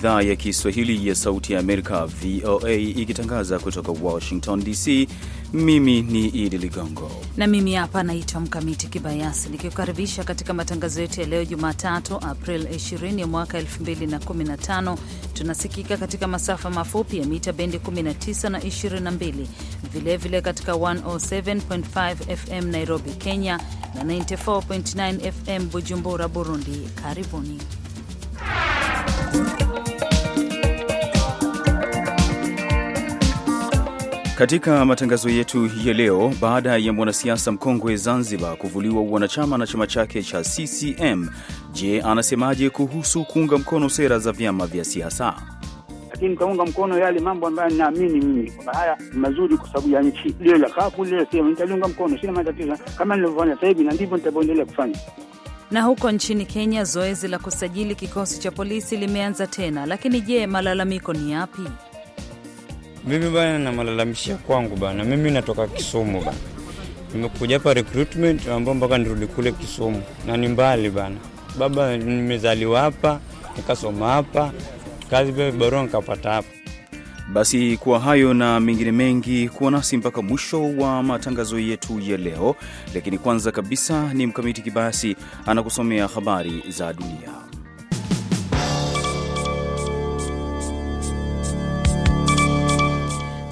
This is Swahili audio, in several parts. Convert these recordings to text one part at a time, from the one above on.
idhaa ya Kiswahili ya Sauti ya Amerika, VOA, ikitangaza kutoka Washington DC. Mimi ni Idi Ligongo na mimi hapa naitwa Mkamiti Kibayasi, nikiukaribisha katika matangazo yetu ya leo Jumatatu, April 20 mwaka 2015. Tunasikika katika masafa mafupi ya mita bendi 19 na 22, vilevile vile katika 107.5 FM Nairobi, Kenya na 94.9 FM Bujumbura, Burundi. Karibuni. Katika matangazo yetu ya leo, baada ya mwanasiasa mkongwe Zanzibar kuvuliwa wanachama na chama chake cha CCM, je, anasemaje kuhusu kuunga mkono sera za vyama vya siasa? Lakini nitaunga mkono yale mambo ambayo ninaamini mimi kwamba haya ni mazuri kwa sababu ya nchi, lio la kafu lio sehemu, nitaliunga mkono, sina matatizo, kama nilivyofanya sasa hivi na ndivyo nitavyoendelea kufanya. Na huko nchini Kenya, zoezi la kusajili kikosi cha polisi limeanza tena, lakini je, malalamiko ni yapi? Mimi bana, na kwangu bana, mimi natoka Kisumu bana, nimekuja hapa recruitment ambao mpaka nirudi kule Kisumu na ni mbali bana. Baba, nimezaliwa hapa nikasoma hapa, kazi pia barua nikapata hapa. Basi kwa hayo na mengine mengi, kuwa nasi mpaka mwisho wa matangazo yetu ya leo, lakini kwanza kabisa ni Mkamiti Kibayasi anakusomea habari za dunia.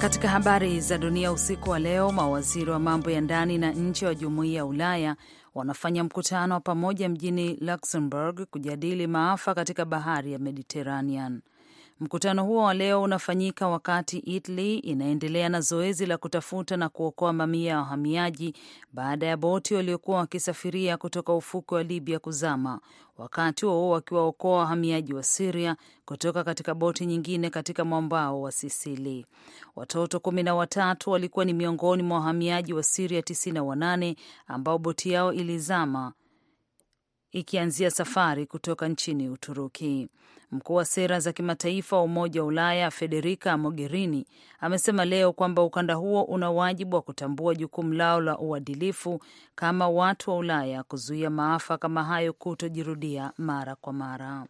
Katika habari za dunia usiku wa leo, mawaziri wa mambo ya ndani na nje wa jumuiya ya Ulaya wanafanya mkutano wa pamoja mjini Luxembourg kujadili maafa katika bahari ya Mediterranean. Mkutano huo wa leo unafanyika wakati Italy inaendelea na zoezi la kutafuta na kuokoa mamia ya wahamiaji baada ya boti waliokuwa wakisafiria kutoka ufukwe wa Libya kuzama, wakati wao wakiwaokoa wahamiaji wa Siria kutoka katika boti nyingine katika mwambao wa Sisili. Watoto kumi na watatu walikuwa ni miongoni mwa wahamiaji wa Siria tisini na wanane ambao boti yao ilizama ikianzia safari kutoka nchini Uturuki. Mkuu wa sera za kimataifa wa Umoja wa Ulaya Federica Mogherini amesema leo kwamba ukanda huo una wajibu wa kutambua jukumu lao la uadilifu kama watu wa Ulaya kuzuia maafa kama hayo kutojirudia mara kwa mara.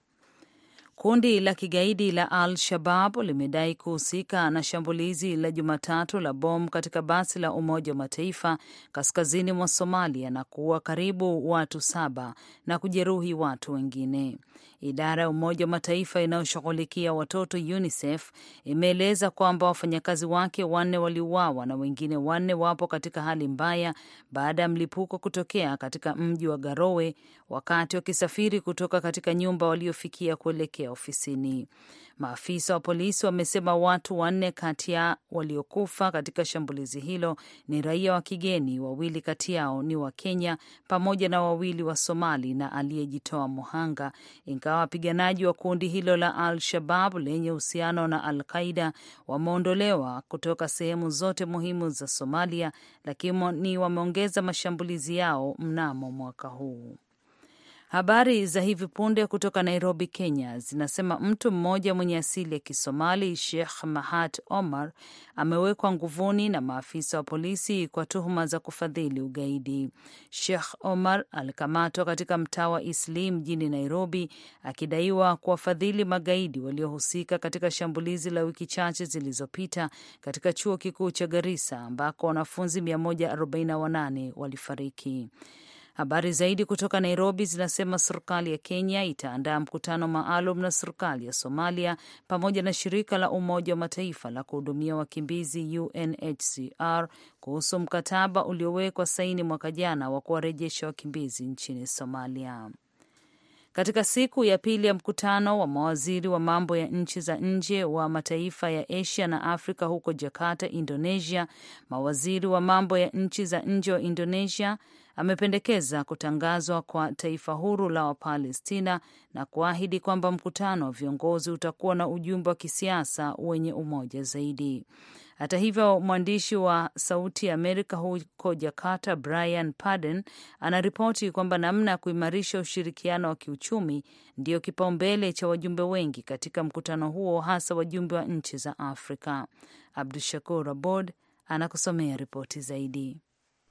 Kundi la kigaidi la Al Shabab limedai kuhusika na shambulizi la Jumatatu la bomu katika basi la Umoja wa Mataifa kaskazini mwa Somalia na kuua karibu watu saba na kujeruhi watu wengine. Idara ya Umoja wa Mataifa inayoshughulikia watoto UNICEF imeeleza kwamba wafanyakazi wake wanne waliuawa na wengine wanne wapo katika hali mbaya baada ya mlipuko kutokea katika mji wa Garowe wakati wakisafiri kutoka katika nyumba waliofikia kuelekea ofisini. Maafisa wa polisi wamesema watu wanne kati ya waliokufa katika shambulizi hilo ni raia wa kigeni, wawili kati yao ni wa Kenya pamoja na wawili wa Somali na aliyejitoa muhanga, ingawa wapiganaji wa kundi hilo la Al-Shabab lenye uhusiano na Al-Qaida wameondolewa kutoka sehemu zote muhimu za Somalia, lakini wameongeza mashambulizi yao mnamo mwaka huu. Habari za hivi punde kutoka Nairobi, Kenya zinasema mtu mmoja mwenye asili ya Kisomali, Sheikh Mahat Omar, amewekwa nguvuni na maafisa wa polisi kwa tuhuma za kufadhili ugaidi. Sheikh Omar alikamatwa katika mtaa wa Isli mjini Nairobi akidaiwa kuwafadhili magaidi waliohusika katika shambulizi la wiki chache zilizopita katika chuo kikuu cha Garissa ambako wanafunzi 148 walifariki. Habari zaidi kutoka Nairobi zinasema serikali ya Kenya itaandaa mkutano maalum na serikali ya Somalia pamoja na shirika la Umoja wa Mataifa la kuhudumia wakimbizi UNHCR kuhusu mkataba uliowekwa saini mwaka jana wa kuwarejesha wakimbizi nchini Somalia. Katika siku ya pili ya mkutano wa mawaziri wa mambo ya nchi za nje wa mataifa ya Asia na Afrika huko Jakarta, Indonesia, mawaziri wa mambo ya nchi za nje wa Indonesia amependekeza kutangazwa kwa taifa huru la Wapalestina na kuahidi kwamba mkutano wa viongozi utakuwa na ujumbe wa kisiasa wenye umoja zaidi. Hata hivyo, mwandishi wa Sauti ya Amerika huko Jakarta, Brian paden anaripoti kwamba namna ya kuimarisha ushirikiano wa kiuchumi ndiyo kipaumbele cha wajumbe wengi katika mkutano huo, hasa wajumbe wa nchi za Afrika. Abdu Shakur Abod anakusomea ripoti zaidi.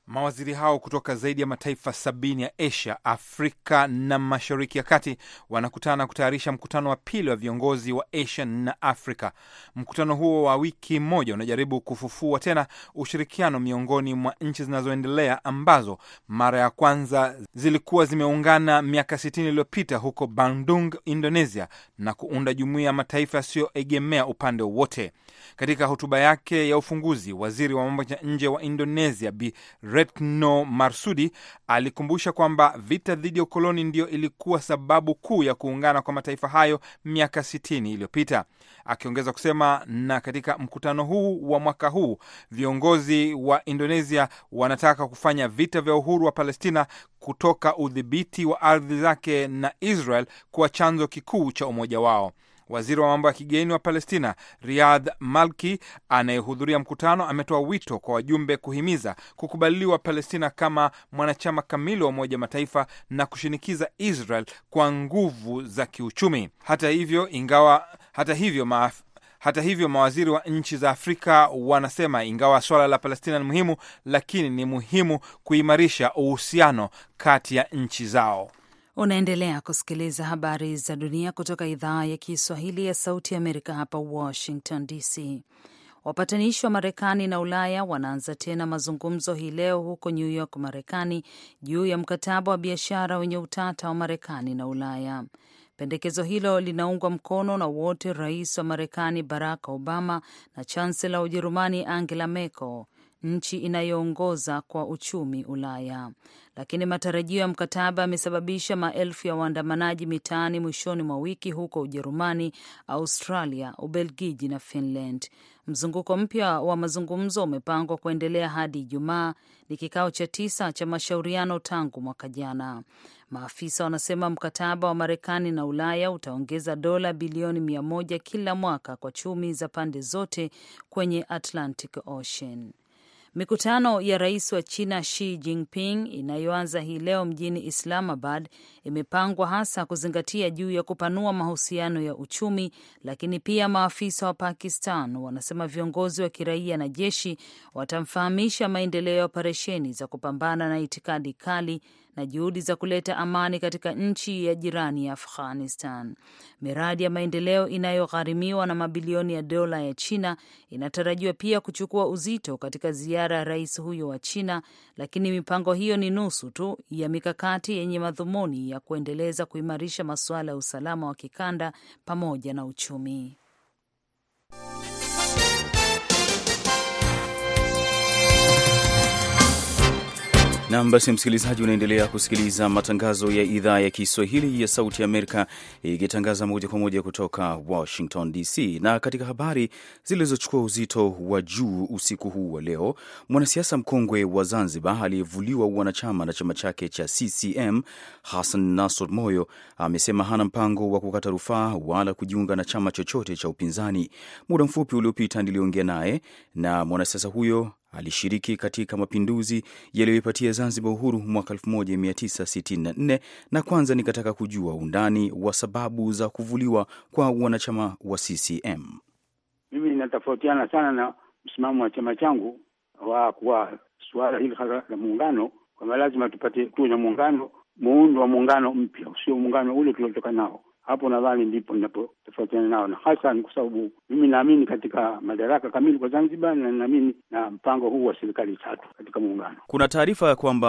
Mawaziri hao kutoka zaidi ya mataifa sabini ya Asia, Afrika na Mashariki ya Kati wanakutana kutayarisha mkutano wa pili wa viongozi wa Asia na Afrika. Mkutano huo wa wiki moja unajaribu kufufua tena ushirikiano miongoni mwa nchi zinazoendelea ambazo mara ya kwanza zilikuwa zimeungana miaka sitini iliyopita huko Bandung, Indonesia, na kuunda jumuiya ya mataifa yasiyoegemea upande wowote. Katika hotuba yake ya ufunguzi, waziri wa mambo ya nje wa Indonesia Bi Retno Marsudi alikumbusha kwamba vita dhidi ya ukoloni ndiyo ilikuwa sababu kuu ya kuungana kwa mataifa hayo miaka 60 iliyopita, akiongeza kusema, na katika mkutano huu wa mwaka huu viongozi wa Indonesia wanataka kufanya vita vya uhuru wa Palestina kutoka udhibiti wa ardhi zake na Israel kuwa chanzo kikuu cha umoja wao. Waziri wa mambo ya kigeni wa Palestina Riyad Malki anayehudhuria mkutano ametoa wito kwa wajumbe kuhimiza kukubaliwa Palestina kama mwanachama kamili wa Umoja Mataifa na kushinikiza Israel kwa nguvu za kiuchumi. Hata hivyo, ingawa hata hivyo maaf hata hivyo mawaziri wa nchi za Afrika wanasema ingawa swala la Palestina ni muhimu, lakini ni muhimu kuimarisha uhusiano kati ya nchi zao. Unaendelea kusikiliza habari za dunia kutoka idhaa ya Kiswahili ya Sauti ya Amerika, hapa Washington DC. Wapatanishi wa Marekani na Ulaya wanaanza tena mazungumzo hii leo huko New York, Marekani, juu ya mkataba wa biashara wenye utata wa Marekani na Ulaya. Pendekezo hilo linaungwa mkono na wote, rais wa Marekani Barack Obama na chansela wa Ujerumani Angela Merkel nchi inayoongoza kwa uchumi Ulaya, lakini matarajio ya mkataba yamesababisha maelfu ya waandamanaji mitaani mwishoni mwa wiki huko Ujerumani, Australia, Ubelgiji na Finland. Mzunguko mpya wa mazungumzo umepangwa kuendelea hadi Ijumaa. Ni kikao cha tisa cha mashauriano tangu mwaka jana. Maafisa wanasema mkataba wa Marekani na Ulaya utaongeza dola bilioni mia moja kila mwaka kwa chumi za pande zote kwenye Atlantic Ocean. Mikutano ya rais wa China Xi Jinping inayoanza hii leo mjini Islamabad imepangwa hasa kuzingatia juu ya kupanua mahusiano ya uchumi, lakini pia maafisa wa Pakistan wanasema viongozi wa kiraia na jeshi watamfahamisha maendeleo ya operesheni za kupambana na itikadi kali na juhudi za kuleta amani katika nchi ya jirani ya Afghanistan. Miradi ya maendeleo inayogharimiwa na mabilioni ya dola ya China inatarajiwa pia kuchukua uzito katika ziara ya rais huyo wa China, lakini mipango hiyo ni nusu tu ya mikakati yenye madhumuni ya kuendeleza kuimarisha masuala ya usalama wa kikanda pamoja na uchumi. Nam, basi msikilizaji, unaendelea kusikiliza matangazo ya idhaa ya Kiswahili ya Sauti Amerika ikitangaza moja kwa moja kutoka Washington DC. Na katika habari zilizochukua uzito wa juu usiku huu wa leo, mwanasiasa mkongwe wa Zanzibar aliyevuliwa wanachama na chama chake cha CCM Hassan Nasor Moyo amesema hana mpango wa kukata rufaa wala kujiunga na chama chochote cha upinzani. Muda mfupi uliopita niliongea naye na mwanasiasa huyo Alishiriki katika mapinduzi yaliyoipatia Zanzibar uhuru mwaka 1964 na kwanza nikataka kujua undani wa sababu za kuvuliwa kwa wanachama wa CCM. Mimi ninatofautiana sana na msimamo wa chama changu wa kuwa suala hili hasa la muungano kwamba lazima tupate tuwe na muungano, muundo wa muungano mpya, usio muungano ule tuliotoka nao. Hapo nadhani ndipo ninapotofautiana nao, na hasa ni kwa sababu mimi naamini katika madaraka kamili kwa Zanzibar na ninaamini na mpango huu wa serikali tatu katika muungano. Kuna taarifa ya kwamba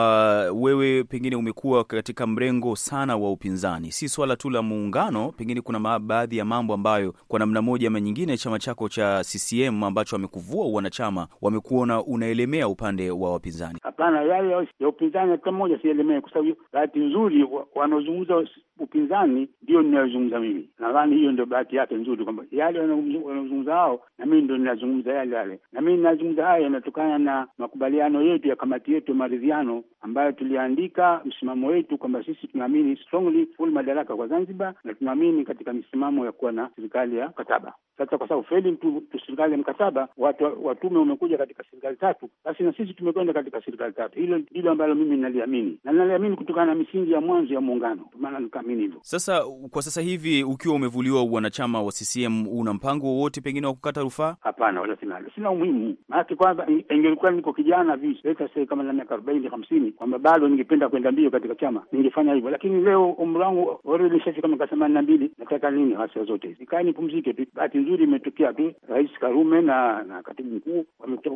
wewe pengine umekuwa katika mrengo sana wa upinzani, si swala tu la muungano. Pengine kuna baadhi ya mambo ambayo kwa namna moja ama nyingine chama chako cha CCM ambacho wamekuvua wanachama wamekuona unaelemea upande wa wapinzani. Hapana, yale ya upinzani hata mmoja sielemee, kwa sababu bahati nzuri wanaozungumza upinzani ndio ninayo wanazungumza mimi. Nadhani hiyo ndio bahati yake nzuri, kwamba yale wanaozungumza hao na mimi ndo ninazungumza yale yale, na mimi ninazungumza hayo yanatokana na makubaliano yetu ya kamati yetu ya maridhiano ambayo tuliandika msimamo wetu kwamba sisi tunaamini strongly full madaraka kwa Zanzibar na tunaamini katika misimamo ya kuwa na serikali ya mkataba. Sasa kwa sababu feli tu, tu serikali ya mkataba, watu watume umekuja katika serikali tatu, basi na sisi tumekwenda katika serikali tatu. Hilo ndilo ambalo mimi naliamini na naliamini kutokana na misingi ya mwanzo ya muungano, maana nikaamini hivyo. Sasa kwa sasa hivi ukiwa umevuliwa wanachama wa CCM, una mpango wowote pengine wa kukata rufaa? Hapana, wala sina, sina umuhimu. Maanake kwanza, ingekuwa niko kijana vile kama na miaka arobaini hamsini, kwamba bado ningependa kwenda mbio katika chama, ningefanya hivyo, lakini leo umri wangu already nishafika miaka themanini na mbili. Nataka nini ghasia zote hizi? Nikae nipumzike tu. Bahati nzuri imetokea tu Rais Karume na na katibu mkuu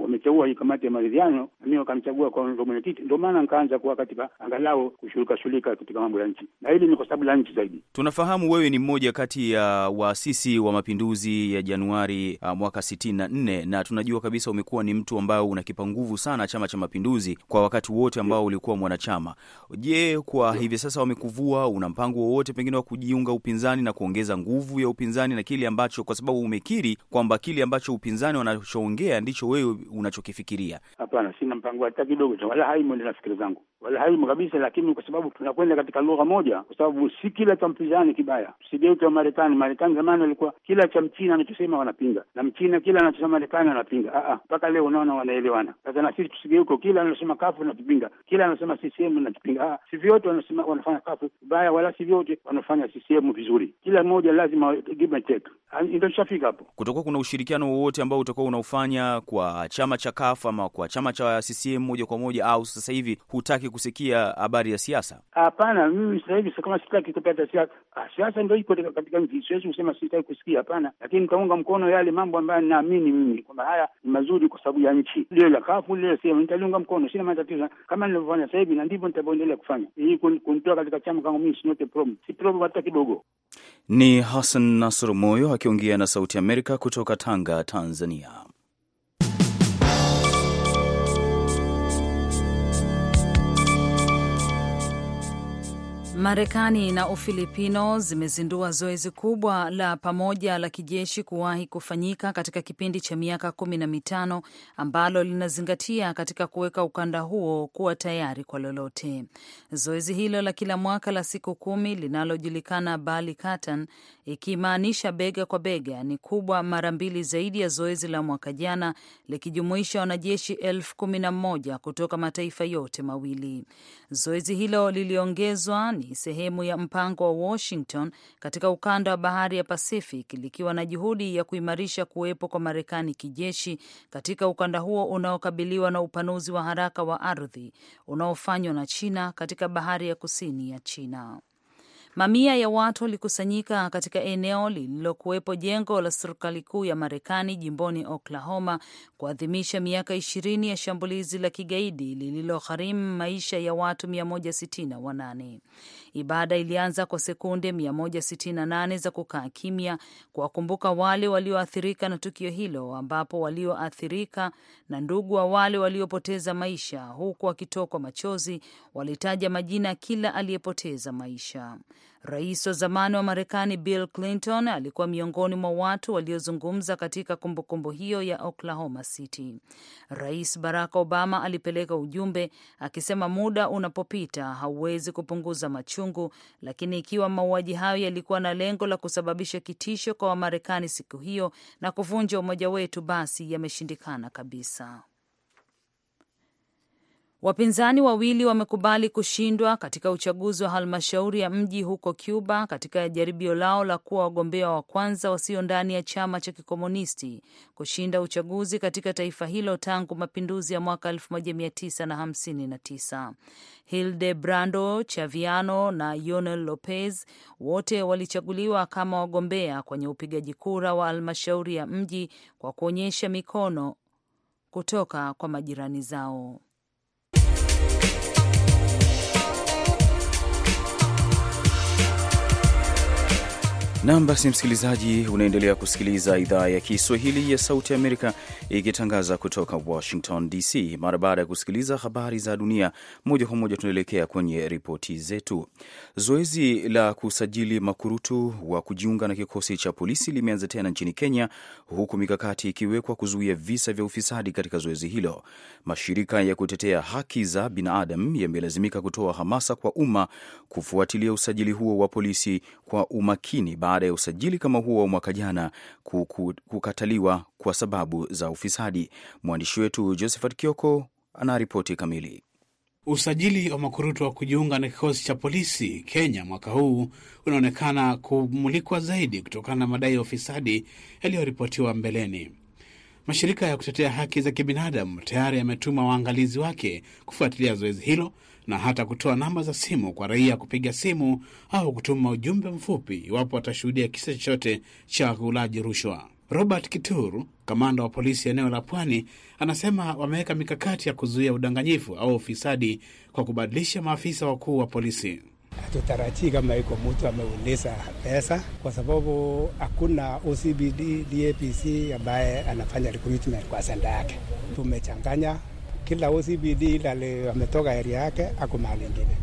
wameteua hii kamati ya maridhiano, nami wakamchagua kwa ndo mwenyekiti, ndo maana nikaanza kuwa katika angalau kushurika shurika katika mambo ya nchi, na hili ni kwa sababu la nchi zaidi tunafahamu Nafahamu wewe ni mmoja kati ya waasisi wa mapinduzi ya Januari uh, mwaka 64 na tunajua kabisa umekuwa ni mtu ambao unakipa nguvu sana Chama cha Mapinduzi kwa wakati wote ambao ulikuwa mwanachama. Je, kwa hivi sasa wamekuvua, una mpango wowote pengine wa kujiunga upinzani na kuongeza nguvu ya upinzani na kile ambacho, kwa sababu umekiri kwamba kile ambacho upinzani wanachoongea ndicho wewe unachokifikiria? Hapana, sina mpango hata kidogo, wala haimo na fikira zangu, wala haimo kabisa, lakini kwa sababu tunakwenda katika lugha moja, kwa sababu si kila cha mpinzani Ulaya, usigeuke wa Marekani. Marekani zamani walikuwa kila cha mchina anachosema wanapinga, na mchina kila anachosema Marekani wanapinga, ah, ah. mpaka leo unaona wanaelewana. Sasa na sisi tusigeuke, kila anasema kafu natupinga, kila anasema CCM natupinga. Ah, si vyote wanasema wanafanya kafu vibaya, wala si vyote wanafanya CCM vizuri. Kila mmoja lazima give and take, ndio tushafika hapo. Kutakuwa kuna ushirikiano wowote ambao utakuwa unaofanya kwa chama cha kafu ama kwa chama cha CCM moja kwa moja, au sasa hivi hutaki kusikia habari ya siasa? Hapana, mimi sasa hivi kama sitaki kupata siasa sasa ndio iko katika nchi, siwezi kusema sitaki kusikia, hapana, lakini nitaunga mkono yale mambo ambayo ninaamini mimi kwamba haya ni mazuri kwa sababu ya nchi, lile la kafu lile sema, nitaliunga mkono, sina matatizo, kama nilivyofanya sasa hivi na ndivyo nitavyoendelea kufanya. Hii kunitoa katika chama kwangu mimi si note problem, si problem hata kidogo. Ni Hassan Nasr Moyo akiongea na Sauti Amerika kutoka Tanga, Tanzania. Marekani na Ufilipino zimezindua zoezi kubwa la pamoja la kijeshi kuwahi kufanyika katika kipindi cha miaka kumi na mitano ambalo linazingatia katika kuweka ukanda huo kuwa tayari kwa lolote. Zoezi hilo la kila mwaka la siku kumi linalojulikana Bali Katan, ikimaanisha bega kwa bega, ni kubwa mara mbili zaidi ya zoezi la mwaka jana likijumuisha wanajeshi elfu kumi na moja kutoka mataifa yote mawili. Zoezi hilo liliongezwa ni ni sehemu ya mpango wa Washington katika ukanda wa bahari ya Pacific, likiwa na juhudi ya kuimarisha kuwepo kwa Marekani kijeshi katika ukanda huo unaokabiliwa na upanuzi wa haraka wa ardhi unaofanywa na China katika bahari ya kusini ya China. Mamia ya watu walikusanyika katika eneo lililokuwepo jengo la serikali kuu ya Marekani jimboni Oklahoma kuadhimisha miaka ishirini ya shambulizi la kigaidi lililogharimu maisha ya watu 168. Ibada ilianza kwa sekunde 168 za kukaa kimya kuwakumbuka wale walioathirika na tukio hilo, ambapo walioathirika na ndugu wa wale waliopoteza maisha, huku wakitokwa machozi, walitaja majina kila aliyepoteza maisha. Rais wa zamani wa Marekani Bill Clinton alikuwa miongoni mwa watu waliozungumza katika kumbukumbu hiyo ya Oklahoma City. Rais Barack Obama alipeleka ujumbe akisema, muda unapopita hauwezi kupunguza machungu, lakini ikiwa mauaji hayo yalikuwa na lengo la kusababisha kitisho kwa Wamarekani siku hiyo na kuvunja umoja wetu, basi yameshindikana kabisa. Wapinzani wawili wamekubali kushindwa katika uchaguzi wa halmashauri ya mji huko Cuba katika jaribio lao la kuwa wagombea wa kwanza wasio ndani ya chama cha kikomunisti kushinda uchaguzi katika taifa hilo tangu mapinduzi ya mwaka 1959. brando Chaviano na Yonel Lopez wote walichaguliwa kama wagombea kwenye upigaji kura wa halmashauri ya mji kwa kuonyesha mikono kutoka kwa majirani zao. Nam, basi msikilizaji, unaendelea kusikiliza idhaa ya Kiswahili ya Sauti ya Amerika ikitangaza kutoka Washington DC. Mara baada ya kusikiliza habari za dunia moja kwa moja, tunaelekea kwenye ripoti zetu. Zoezi la kusajili makurutu wa kujiunga na kikosi cha polisi limeanza tena nchini Kenya, huku mikakati ikiwekwa kuzuia visa vya ufisadi katika zoezi hilo. Mashirika ya kutetea haki za binadamu yamelazimika kutoa hamasa kwa umma kufuatilia usajili huo wa polisi kwa umakini baada ya usajili kama huo wa mwaka jana kukataliwa kwa sababu za ufisadi. Mwandishi wetu Josephat Kioko anaripoti kamili. Usajili wa makurutu wa kujiunga na kikosi cha polisi Kenya mwaka huu unaonekana kumulikwa zaidi kutokana na madai ya ufisadi yaliyoripotiwa mbeleni. Mashirika ya kutetea haki za kibinadamu tayari yametuma waangalizi wake kufuatilia zoezi hilo na hata kutoa namba za simu kwa raia kupiga simu au kutuma ujumbe mfupi iwapo watashuhudia kisa chochote cha ulaji rushwa. Robert Kituru, kamanda wa polisi eneo la Pwani, anasema wameweka mikakati ya kuzuia udanganyifu au ufisadi kwa kubadilisha maafisa wakuu wa polisi. Hatutarajii kama iko mtu ameulisa pesa, kwa sababu hakuna OCBD DAPC ambaye anafanya recruitment kwa senda yake. Tumechanganya kila OCBD ile ametoka area yake ako mahali ingine,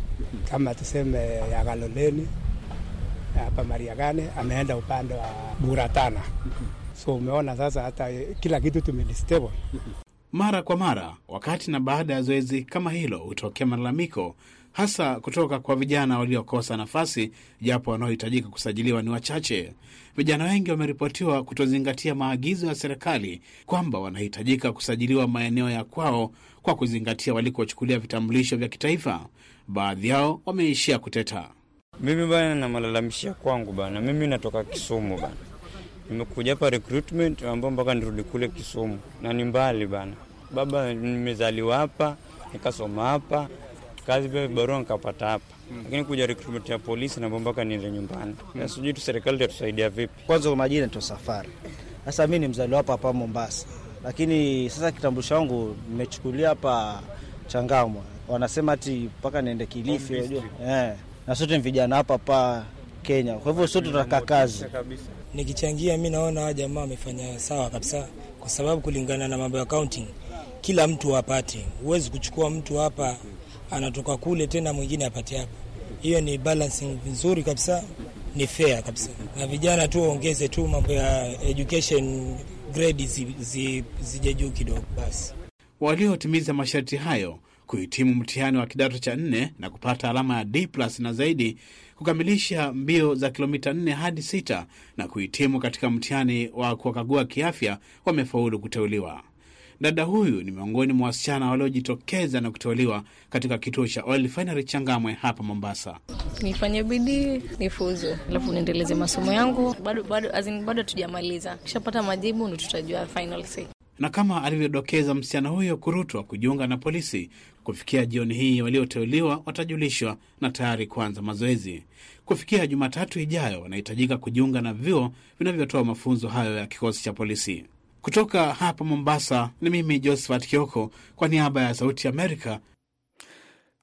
kama tuseme ya Galoleni hapa Mariagane ameenda upande wa Buratana. So umeona sasa, hata kila kitu tumelistable mara kwa mara. Wakati na baada ya zoezi kama hilo hutokea malalamiko hasa kutoka kwa vijana waliokosa nafasi, japo wanaohitajika kusajiliwa ni wachache. Vijana wengi wameripotiwa kutozingatia maagizo ya serikali kwamba wanahitajika kusajiliwa maeneo ya kwao kwa kuzingatia walikochukulia vitambulisho vya kitaifa. Baadhi yao wameishia kuteta. Mimi bana, namalalamishia kwangu bana, mimi natoka Kisumu bana, nimekuja hapa recruitment ambao mpaka nirudi kule Kisumu na ni mbali bana. Baba, nimezaliwa hapa nikasoma hapa kazi pia barua nikapata hapa mm. Lakini kuja recruitment ya polisi na mpaka niende nyumbani mm. Sijui tu serikali itatusaidia vipi? Kwanza kwa majina tu safari. Sasa mimi ni mzali hapa hapa Mombasa, lakini sasa kitambulisho wangu nimechukulia hapa changamwa wanasema ati mpaka niende Kilifi, unajua eh, na sote ni vijana hapa hapa Kenya, kwa hivyo sote tunataka kazi. Nikichangia mi naona hawa jamaa wamefanya sawa kabisa, kwa sababu kulingana na mambo ya accounting, kila mtu apate. Huwezi kuchukua mtu hapa anatoka kule tena mwingine apate hapa. Hiyo ni balancing nzuri kabisa, ni fair kabisa. Na vijana tu waongeze tu mambo ya education grade zije juu kidogo basi. Waliotimiza masharti hayo kuhitimu mtihani wa kidato cha nne na kupata alama ya D plus na zaidi, kukamilisha mbio za kilomita nne hadi sita na kuhitimu katika mtihani wa kuwakagua kiafya, wamefaulu kuteuliwa. Dada huyu ni miongoni mwa wasichana waliojitokeza na kuteuliwa katika kituo cha Oil Refinery Changamwe hapa Mombasa. Nifanye bidii nifuzu, alafu niendeleze masomo yangu. Bado bado azin, bado hatujamaliza, kishapata majibu ndo tutajua final say. Na kama alivyodokeza msichana huyo kurutwa kujiunga na polisi, kufikia jioni hii walioteuliwa watajulishwa na tayari kuanza mazoezi. Kufikia Jumatatu ijayo, wanahitajika kujiunga na vyuo vinavyotoa mafunzo hayo ya kikosi cha polisi. Kutoka hapa Mombasa ni mimi Josephat Kioko kwa niaba ya Sauti Amerika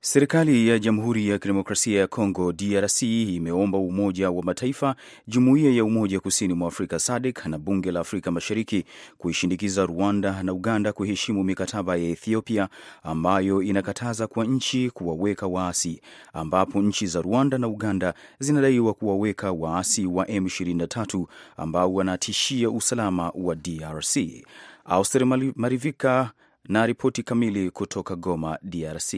Serikali ya Jamhuri ya Kidemokrasia ya Kongo DRC imeomba Umoja wa Mataifa, Jumuiya ya Umoja Kusini mwa Afrika SADC na Bunge la Afrika Mashariki kuishindikiza Rwanda na Uganda kuheshimu mikataba ya Ethiopia ambayo inakataza kwa nchi kuwaweka waasi, ambapo nchi za Rwanda na Uganda zinadaiwa kuwaweka waasi wa M23 ambao wanatishia usalama wa DRC. Auster Marivika na ripoti kamili kutoka Goma, DRC.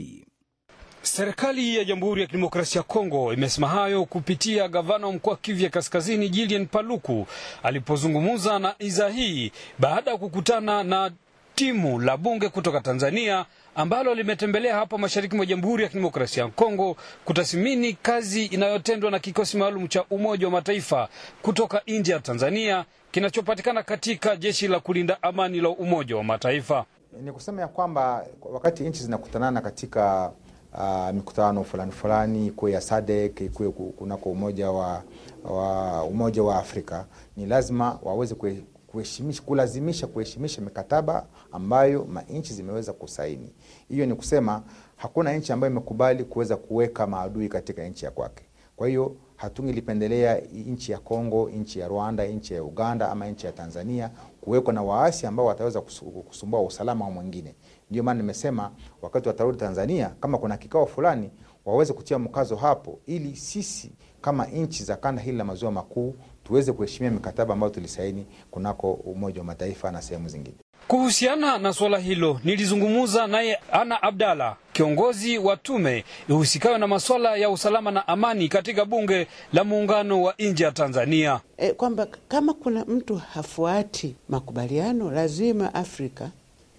Serikali ya Jamhuri ya Kidemokrasia ya Kongo imesema hayo kupitia gavana wa mkoa Kivu ya Kaskazini Julien Paluku alipozungumza na iza hii baada ya kukutana na timu la bunge kutoka Tanzania ambalo limetembelea hapa mashariki mwa Jamhuri ya Kidemokrasia ya Kongo kutathmini kazi inayotendwa na kikosi maalum cha Umoja wa Mataifa kutoka nje ya Tanzania kinachopatikana katika jeshi la kulinda amani la Umoja wa Mataifa. Ni kusema ya kwamba wakati nchi zinakutanana katika uh, mikutano fulani fulani ikuwe ya SADC ikuwe kunako umoja wa, wa umoja wa Afrika, ni lazima waweze kwe, kuheshimisha kulazimisha kuheshimisha mikataba ambayo manchi zimeweza kusaini. Hiyo ni kusema hakuna nchi ambayo imekubali kuweza kuweka maadui katika nchi ya kwake. Kwa hiyo hatungilipendelea nchi ya Kongo, nchi ya Rwanda, nchi ya Uganda ama nchi ya Tanzania kuwekwa na waasi ambao wataweza kusumbua usalama mwingine. Ndio maana nimesema wakati watarudi Tanzania, kama kuna kikao fulani waweze kutia mkazo hapo, ili sisi kama nchi za kanda hili la maziwa makuu tuweze kuheshimia mikataba ambayo tulisaini kunako Umoja wa Mataifa na sehemu zingine. Kuhusiana na suala hilo nilizungumza naye Ana Abdalla, kiongozi wa tume ihusikayo na masuala ya usalama na amani katika bunge la muungano wa nje ya Tanzania, e, kwamba kama kuna mtu hafuati makubaliano lazima Afrika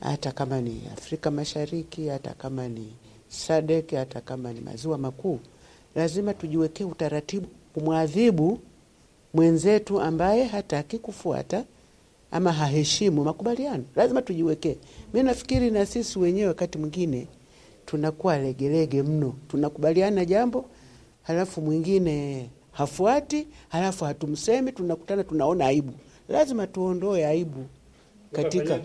hata kama ni Afrika Mashariki, hata kama ni Sadek, hata kama ni maziwa makuu, lazima tujiwekee utaratibu kumwadhibu mwenzetu ambaye hataki kufuata ama haheshimu makubaliano. Lazima tujiwekee. Mi nafikiri na sisi wenyewe wakati mwingine tunakuwa legelege mno, tunakubaliana jambo halafu mwingine hafuati, halafu hatumsemi, tunakutana tunaona aibu. Lazima tuondoe aibu katika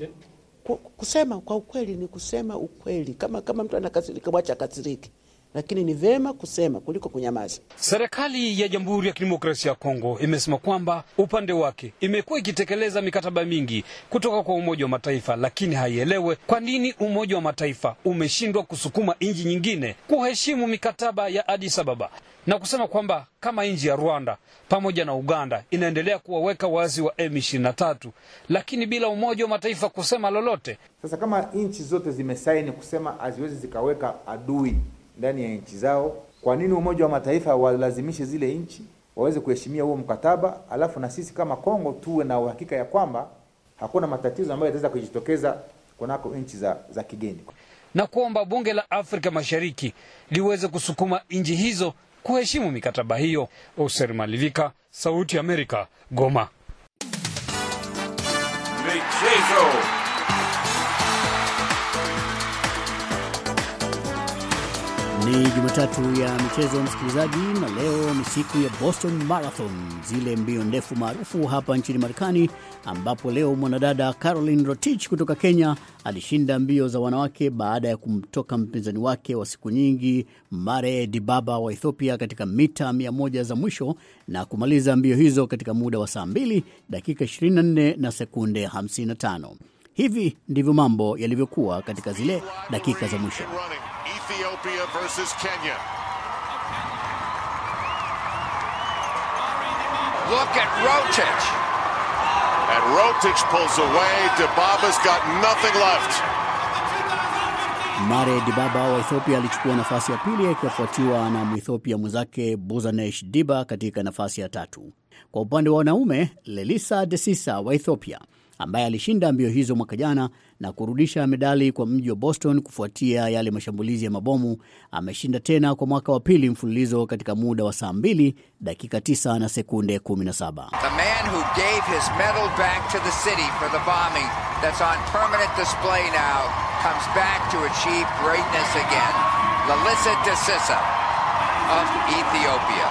kusema kwa ukweli ni kusema ukweli. Kama kama mtu anakasirika, mwacha akasirike, lakini ni vema kusema kuliko kunyamaza. Serikali ya Jamhuri ya Kidemokrasia ya Kongo imesema kwamba upande wake imekuwa ikitekeleza mikataba mingi kutoka kwa Umoja wa Mataifa, lakini haielewe kwa nini Umoja wa Mataifa umeshindwa kusukuma nchi nyingine kuheshimu mikataba ya Addis Ababa na kusema kwamba kama nchi ya Rwanda pamoja na Uganda inaendelea kuwaweka waasi wa M23 lakini bila Umoja wa Mataifa kusema lolote. Sasa kama nchi zote zimesaini kusema haziwezi zikaweka adui ndani ya nchi zao. Kwa nini Umoja wa Mataifa walazimishe zile nchi waweze kuheshimia huo mkataba, alafu na sisi kama Kongo tuwe na uhakika ya kwamba hakuna matatizo ambayo yataweza kujitokeza kunako nchi za, za kigeni, na kuomba bunge la Afrika Mashariki liweze kusukuma nchi hizo kuheshimu mikataba hiyo. Oser Malivika, Sauti ya Amerika, Goma. Michezo. Ni Jumatatu ya michezo msikilizaji, na leo ni siku ya Boston Marathon, zile mbio ndefu maarufu hapa nchini Marekani, ambapo leo mwanadada carolin Rotich kutoka Kenya alishinda mbio za wanawake baada ya kumtoka mpinzani wake wa siku nyingi Mare Dibaba wa Ethiopia katika mita 1 za mwisho na kumaliza mbio hizo katika muda wa saa 2 dakika 24 na sekunde 55. Hivi ndivyo mambo yalivyokuwa katika zile dakika za mwisho. Ethiopia versus Kenya. Look at Rotich. And Rotich pulls away. Dibaba's got nothing left. Mare Dibaba wa Ethiopia alichukua nafasi ya pili akifuatiwa na Mwethiopia mwenzake Buzanesh Diba katika nafasi ya tatu. Kwa upande wa wanaume, Lelisa Desisa wa Ethiopia ambaye alishinda mbio hizo mwaka jana na kurudisha medali kwa mji wa Boston kufuatia yale mashambulizi ya mabomu, ameshinda tena kwa mwaka wa pili mfululizo katika muda wa saa 2 dakika 9 na sekunde 17. Lalisa Desisa of Ethiopia.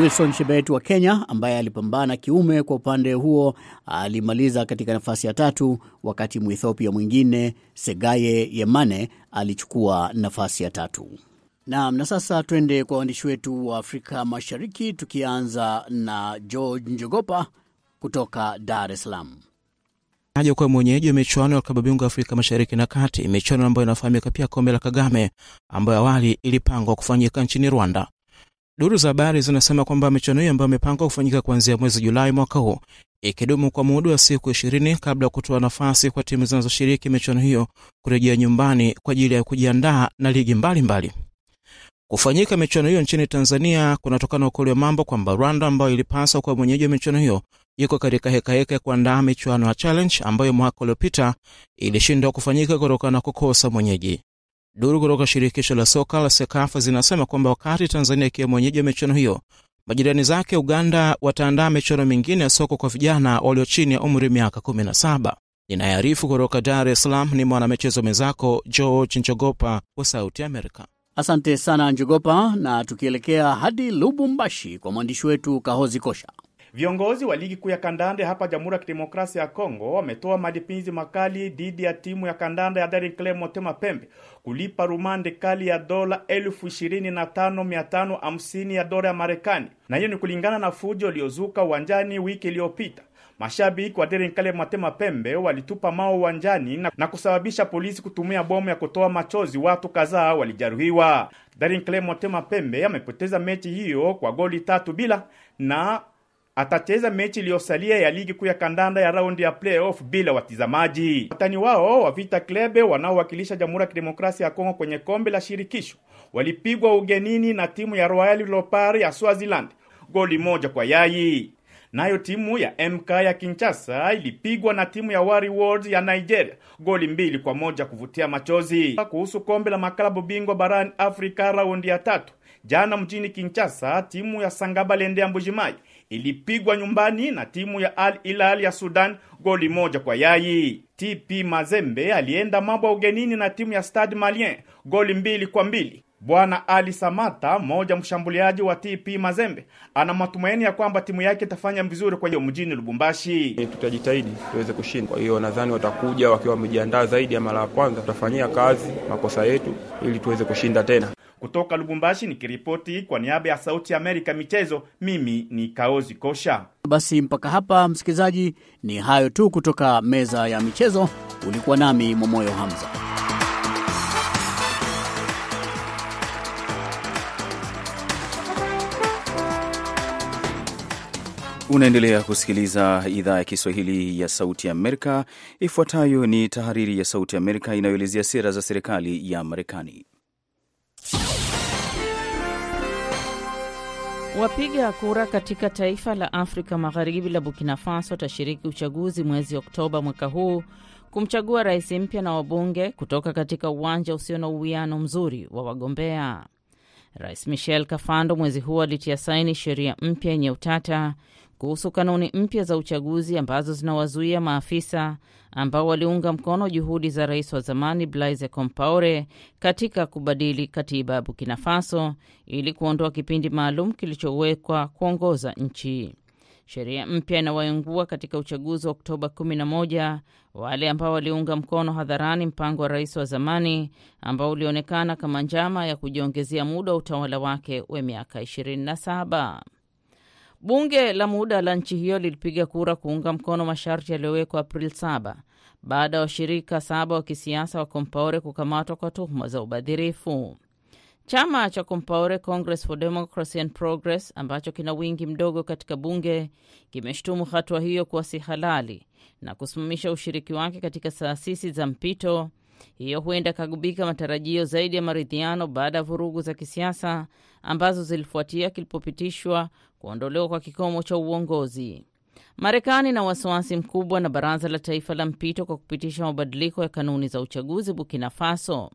Wilson shebet wa Kenya ambaye alipambana kiume kwa upande huo alimaliza katika nafasi ya tatu, wakati muethiopia mwingine Segaye Yemane alichukua nafasi ya tatu. nam na sasa twende kwa waandishi wetu wa Afrika Mashariki, tukianza na George Njogopa kutoka Dar es Salaam aja kuwa mwenyeji wa michuano ya klabu bingwa Afrika Mashariki na Kati, michuano ambayo inafahamika pia kombe la Kagame, ambayo awali ilipangwa kufanyika nchini Rwanda, Duru za habari zinasema kwamba michuano hiyo ambayo imepangwa kufanyika kuanzia mwezi Julai mwaka huu ikidumu kwa muda wa siku ishirini kabla ya kutoa nafasi kwa timu zinazoshiriki michuano hiyo kurejea nyumbani kwa ajili ya kujiandaa na ligi mbalimbali mbali. Kufanyika michuano hiyo nchini Tanzania kunatokana na ukweli wa mambo kwamba Rwanda ambayo ilipaswa kuwa mwenyeji wa michuano hiyo iko katika hekaheka ya kuandaa michuano ya Challenge ambayo mwaka uliopita ilishindwa kufanyika kutokana na kukosa mwenyeji. Duru kutoka shirikisho la soka la SEKAFA zinasema kwamba wakati Tanzania ikiwa mwenyeji wa michuano hiyo, majirani zake Uganda wataandaa michuano mingine ya soka kwa vijana walio chini ya umri miaka 17. Ninayearifu kutoka Dar es Salaam ni mwanamichezo mwenzako George Njogopa wa Sauti Amerika. Asante sana Njogopa, na tukielekea hadi Lubumbashi kwa mwandishi wetu Kahozi Kosha. Viongozi wa ligi kuu ya kandanda hapa Jamhuri ya Kidemokrasia ya Kongo wametoa malipinzi makali dhidi ya timu ya kandanda ya Dar es Motema Pembe kulipa rumande kali ya dola elfu ishirini na tano mia tano hamsini ya dola ya Marekani, na hiyo ni kulingana na fujo uliozuka uwanjani wiki iliyopita. Mashabiki wa Daring Club Motema Pembe walitupa mao uwanjani na, na kusababisha polisi kutumia bomu ya kutoa machozi. Watu kadhaa walijeruhiwa. Daring Club Motema Pembe amepoteza mechi hiyo kwa goli tatu bila na atacheza mechi iliyosalia ya ligi kuu ya kandanda ya raundi ya playoff bila watizamaji. Watani wao wa Vita Klebe wanaowakilisha Jamhuri ya Kidemokrasia ya Kongo kwenye kombe la shirikisho walipigwa ugenini na timu ya Royal Leopards ya Swaziland goli moja kwa yai. Nayo timu ya MK ya Kinshasa ilipigwa na timu ya Wari World ya Nigeria goli mbili kwa moja kuvutia machozi. Kuhusu kombe la maklabu bingwa barani Afrika raundi ya tatu, jana mjini Kinshasa, timu ya Sangabalende ya Mbujimai ilipigwa nyumbani na timu ya Al Hilal ya Sudan goli moja kwa yai. TP Mazembe alienda mambo ya ugenini na timu ya Stade Malien goli mbili kwa mbili. Bwana Ali Samata, mmoja mshambuliaji wa TP Mazembe, ana matumaini ya kwamba timu yake itafanya vizuri kwa hiyo mjini Lubumbashi. Tutajitahidi tuweze kushinda, kwa hiyo nadhani watakuja wakiwa wamejiandaa zaidi ya mara ya kwanza. Tutafanyia kazi makosa yetu ili tuweze kushinda tena. Kutoka Lubumbashi nikiripoti kwa niaba ya Sauti ya Amerika michezo, mimi ni Kaozi Kosha. Basi mpaka hapa msikilizaji, ni hayo tu kutoka meza ya michezo. Ulikuwa nami Momoyo Hamza. Unaendelea kusikiliza idhaa ya Kiswahili ya Sauti ya Amerika. Ifuatayo ni tahariri ya Sauti ya Amerika inayoelezea sera za serikali ya Marekani. Wapiga kura katika taifa la Afrika Magharibi la Burkina Faso watashiriki uchaguzi mwezi Oktoba mwaka huu kumchagua rais mpya na wabunge kutoka katika uwanja usio na uwiano mzuri wa wagombea. Rais Michel Kafando mwezi huu alitia saini sheria mpya yenye utata kuhusu kanuni mpya za uchaguzi ambazo zinawazuia maafisa ambao waliunga mkono juhudi za rais wa zamani Blaise Compaore katika kubadili katiba ya Burkina Faso ili kuondoa kipindi maalum kilichowekwa kuongoza nchi. Sheria mpya inawaingua katika uchaguzi wa Oktoba 11 wale ambao waliunga mkono hadharani mpango wa rais wa zamani ambao ulionekana kama njama ya kujiongezea muda wa utawala wake wa miaka 27. Bunge la muda la nchi hiyo lilipiga kura kuunga mkono masharti yaliyowekwa april 7 baada ya washirika saba wa kisiasa wa Kompaore kukamatwa kwa tuhuma za ubadhirifu. Chama cha Kompaore, Congress for Democracy and Progress, ambacho kina wingi mdogo katika bunge kimeshutumu hatua hiyo kuwa si halali na kusimamisha ushiriki wake katika taasisi za mpito hiyo huenda ikagubika matarajio zaidi ya maridhiano baada ya vurugu za kisiasa ambazo zilifuatia kilipopitishwa kuondolewa kwa kikomo cha uongozi. Marekani na wasiwasi mkubwa na Baraza la Taifa la Mpito kwa kupitisha mabadiliko ya kanuni za uchaguzi Burkina Faso,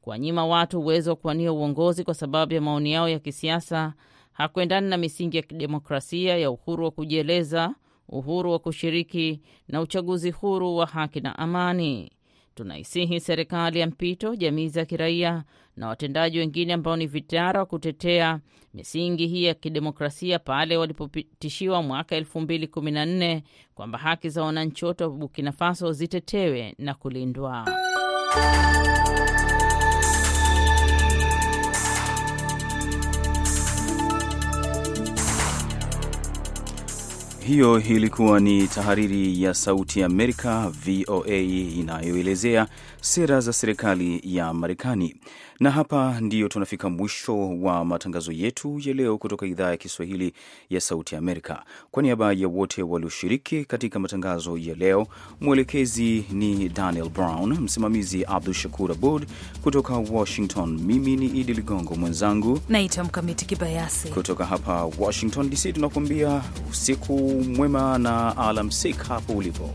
kuwanyima watu uwezo wa kuwania uongozi kwa sababu ya maoni yao ya kisiasa hakuendani na misingi ya kidemokrasia ya uhuru wa kujieleza, uhuru wa kushiriki na uchaguzi huru wa haki na amani. Tunaisihi serikali ya mpito, jamii za kiraia na watendaji wengine ambao ni vitara wa kutetea misingi hii ya kidemokrasia pale walipopitishiwa mwaka 2014 kwamba haki za wananchi wote wa Burkina Faso zitetewe na kulindwa. Hiyo ilikuwa ni tahariri ya Sauti ya Amerika, VOA, inayoelezea sera za serikali ya Marekani. Na hapa ndiyo tunafika mwisho wa matangazo yetu ya leo kutoka idhaa ya Kiswahili ya Sauti Amerika. Kwa niaba ya wote walioshiriki katika matangazo ya leo, mwelekezi ni Daniel Brown, msimamizi Abdu Shakur Abud kutoka Washington. Mimi ni Idi Ligongo, mwenzangu naitwa Mkamiti Kibayasi kutoka hapa Washington DC. Tunakuambia usiku mwema na alamsik hapo ulipo.